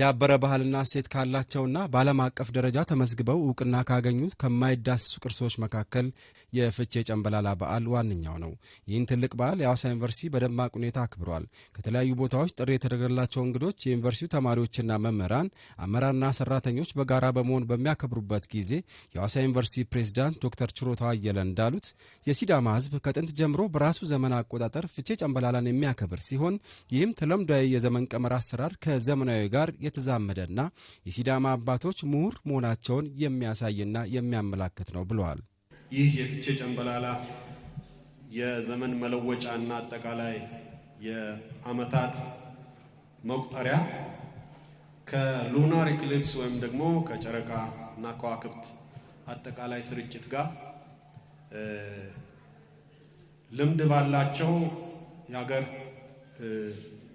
የዳበረ ባህልና እሴት ካላቸውና በዓለም አቀፍ ደረጃ ተመዝግበው እውቅና ካገኙት ከማይዳሰሱ ቅርሶች መካከል የፍቼ ጨምበላላ በዓል ዋነኛው ነው። ይህን ትልቅ በዓል የአዋሳ ዩኒቨርሲቲ በደማቅ ሁኔታ አክብሯል። ከተለያዩ ቦታዎች ጥሪ የተደረገላቸው እንግዶች፣ የዩኒቨርሲቲው ተማሪዎችና መምህራን፣ አመራርና ሰራተኞች በጋራ በመሆን በሚያከብሩበት ጊዜ የአዋሳ ዩኒቨርሲቲ ፕሬዚዳንት ዶክተር ችሮታ አየለ እንዳሉት የሲዳማ ህዝብ ከጥንት ጀምሮ በራሱ ዘመን አቆጣጠር ፍቼ ጨምበላላን የሚያከብር ሲሆን ይህም ተለምዷዊ የዘመን ቀመር አሰራር ከዘመናዊ ጋር የተዛመደና የሲዳማ አባቶች ምሁር መሆናቸውን የሚያሳይና የሚያመላክት ነው ብለዋል። ይህ የፍቼ ጨምበላላ የዘመን መለወጫና አጠቃላይ የአመታት መቁጠሪያ ከሉናር ኢክሊፕስ ወይም ደግሞ ከጨረቃ እና ከዋክብት አጠቃላይ ስርጭት ጋር ልምድ ባላቸው የሀገር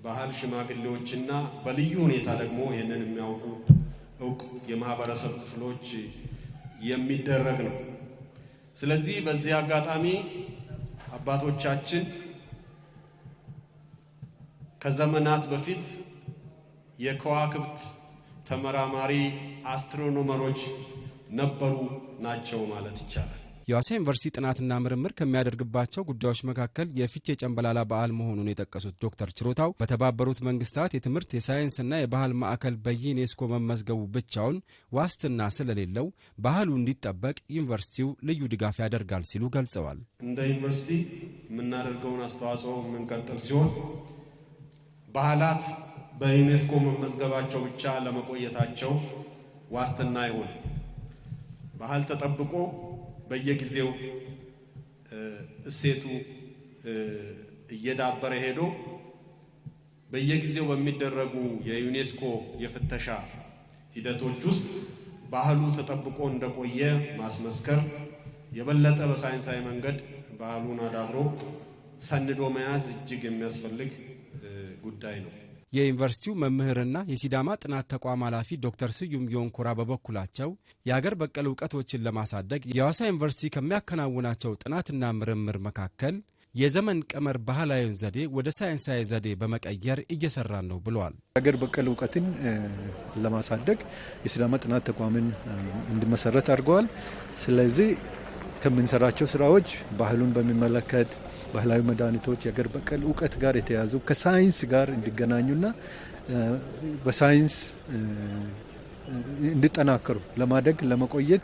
ባህል ሽማግሌዎችና በልዩ ሁኔታ ደግሞ ይህንን የሚያውቁ እውቅ የማህበረሰብ ክፍሎች የሚደረግ ነው። ስለዚህ በዚህ አጋጣሚ አባቶቻችን ከዘመናት በፊት የከዋክብት ተመራማሪ አስትሮኖመሮች ነበሩ ናቸው ማለት ይቻላል። የዋሳ ዩኒቨርሲቲ ጥናትና ምርምር ከሚያደርግባቸው ጉዳዮች መካከል የፊቼ ጨንበላላ በዓል መሆኑን የጠቀሱት ዶክተር ችሮታው በተባበሩት መንግስታት የትምህርት የሳይንስና የባህል ማዕከል በዩኔስኮ መመዝገቡ ብቻውን ዋስትና ስለሌለው ባህሉ እንዲጠበቅ ዩኒቨርሲቲው ልዩ ድጋፍ ያደርጋል ሲሉ ገልጸዋል። እንደ ዩኒቨርሲቲ የምናደርገውን አስተዋጽኦ የምንቀጥል ሲሆን ባህላት በዩኔስኮ መመዝገባቸው ብቻ ለመቆየታቸው ዋስትና ይሆን ባህል ተጠብቆ በየጊዜው እሴቱ እየዳበረ ሄዶ በየጊዜው በሚደረጉ የዩኔስኮ የፍተሻ ሂደቶች ውስጥ ባህሉ ተጠብቆ እንደቆየ ማስመስከር የበለጠ በሳይንሳዊ መንገድ ባህሉን አዳብሮ ሰንዶ መያዝ እጅግ የሚያስፈልግ ጉዳይ ነው። የዩኒቨርሲቲው መምህርና የሲዳማ ጥናት ተቋም ኃላፊ ዶክተር ስዩም ዮንኩራ በበኩላቸው የአገር በቀል እውቀቶችን ለማሳደግ የሐዋሳ ዩኒቨርሲቲ ከሚያከናውናቸው ጥናትና ምርምር መካከል የዘመን ቀመር ባህላዊን ዘዴ ወደ ሳይንሳዊ ዘዴ በመቀየር እየሰራን ነው ብለዋል። አገር በቀል እውቀትን ለማሳደግ የሲዳማ ጥናት ተቋምን እንዲመሰረት አድርገዋል። ስለዚህ ከምንሰራቸው ስራዎች ባህሉን በሚመለከት ባህላዊ መድኃኒቶች የአገር በቀል እውቀት ጋር የተያዙ ከሳይንስ ጋር እንዲገናኙና በሳይንስ እንዲጠናከሩ ለማደግ ለመቆየት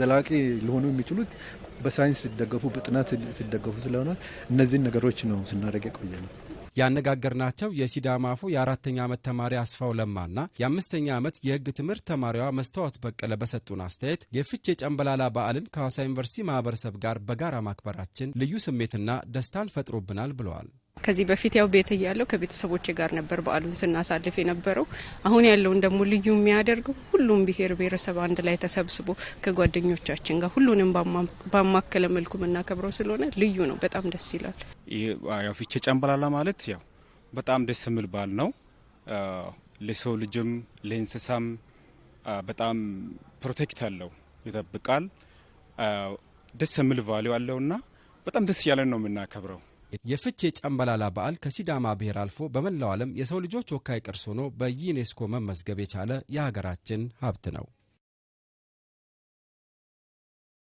ዘላቂ ሊሆኑ የሚችሉት በሳይንስ ሲደገፉ በጥናት ሲደገፉ ስለሆነ እነዚህን ነገሮች ነው ስናደርግ የቆየ ነው። ያነጋገርናቸው አፎ የአራተኛ ዓመት ተማሪ አስፋው ለማና የአምስተኛ ዓመት የህግ ትምህርት ተማሪዋ መስታወት በቀለ በሰጡን አስተያየት የፍቼ የጨንበላላ በዓልን ከሐዋሳ ዩኒቨርሲቲ ማህበረሰብ ጋር በጋራ ማክበራችን ልዩ ስሜትና ደስታን ፈጥሮብናል ብለዋል። ከዚህ በፊት ያው ቤት እያለው ከቤተሰቦቼ ጋር ነበር በዓሉን ስናሳልፍ የነበረው። አሁን ያለውን ደግሞ ልዩ የሚያደርገው ሁሉም ብሔር ብሔረሰብ አንድ ላይ ተሰብስቦ ከጓደኞቻችን ጋር ሁሉንም ባማከለ መልኩ የምናከብረው ስለሆነ ልዩ ነው። በጣም ደስ ይላል። ያው ፊቼ ጨምበላላ ማለት ያው በጣም ደስ የሚል በዓል ነው። ለሰው ልጅም ለእንስሳም በጣም ፕሮቴክት አለው፣ ይጠብቃል። ደስ የሚል ቫሊዩ አለውና በጣም ደስ እያለን ነው የምናከብረው የፍቼ ጨምበላላ በዓል ከሲዳማ ብሔር አልፎ በመላው ዓለም የሰው ልጆች ወካይ ቅርስ ሆኖ በዩኔስኮ መመዝገብ የቻለ የሀገራችን ሀብት ነው።